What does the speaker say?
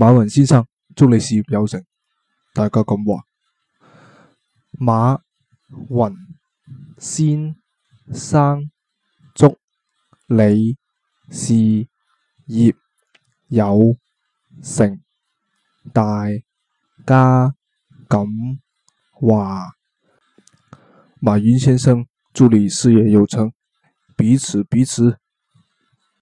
馬雲先生，祝你事業有成，大家咁話。馬雲先生，祝你事業有成，大家咁話。馬雲先生，祝你事業有成，彼此彼此。